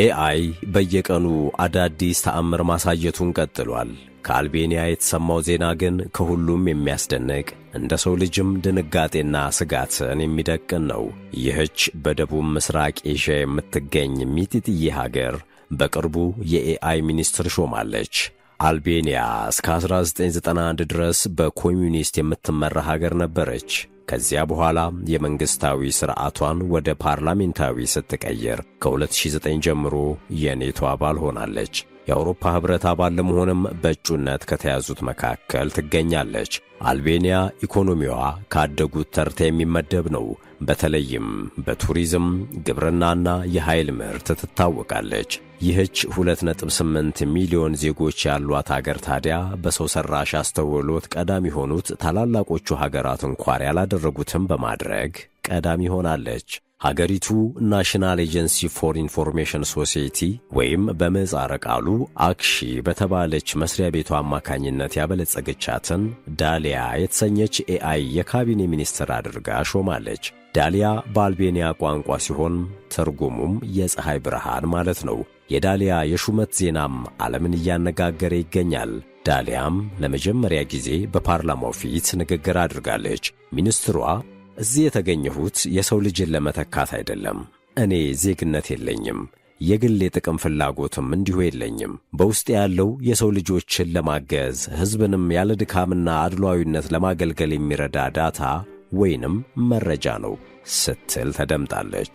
ኤአይ በየቀኑ አዳዲስ ተአምር ማሳየቱን ቀጥሏል። ከአልቤኒያ የተሰማው ዜና ግን ከሁሉም የሚያስደንቅ እንደ ሰው ልጅም ድንጋጤና ስጋትን የሚደቅን ነው። ይህች በደቡብ ምስራቅ ኤዥያ የምትገኝ ሚጢጥዬ ሀገር በቅርቡ የኤአይ ሚኒስትር ሾማለች። አልቤኒያ እስከ 1991 ድረስ በኮሚኒስት የምትመራ ሀገር ነበረች። ከዚያ በኋላ የመንግሥታዊ ሥርዓቷን ወደ ፓርላሜንታዊ ስትቀይር ከ2009 ጀምሮ የኔቶ አባል ሆናለች። የአውሮፓ ኅብረት አባል ለመሆንም በእጩነት ከተያዙት መካከል ትገኛለች። አልቤኒያ ኢኮኖሚዋ ካደጉት ተርታ የሚመደብ ነው። በተለይም በቱሪዝም ግብርናና የኃይል ምርት ትታወቃለች። ይህች 2.8 ሚሊዮን ዜጎች ያሏት ሀገር ታዲያ በሰው ሠራሽ አስተውሎት ቀዳሚ የሆኑት ታላላቆቹ ሀገራት እንኳር ያላደረጉትም በማድረግ ቀዳሚ ሆናለች። ሀገሪቱ ናሽናል ኤጀንሲ ፎር ኢንፎርሜሽን ሶሳይቲ ወይም በምህጻረ ቃሉ አክሺ በተባለች መስሪያ ቤቷ አማካኝነት ያበለጸገቻትን ዳሊያ የተሰኘች ኤአይ የካቢኔ ሚኒስትር አድርጋ ሾማለች። ዳሊያ በአልቤንያ ቋንቋ ሲሆን ትርጉሙም የፀሐይ ብርሃን ማለት ነው። የዳሊያ የሹመት ዜናም ዓለምን እያነጋገረ ይገኛል። ዳሊያም ለመጀመሪያ ጊዜ በፓርላማው ፊት ንግግር አድርጋለች። ሚኒስትሯ እዚህ የተገኘሁት የሰው ልጅን ለመተካት አይደለም። እኔ ዜግነት የለኝም፣ የግል የጥቅም ፍላጎትም እንዲሁ የለኝም። በውስጥ ያለው የሰው ልጆችን ለማገዝ ሕዝብንም ያለ ድካምና አድሏዊነት ለማገልገል የሚረዳ ዳታ ወይንም መረጃ ነው ስትል ተደምጣለች።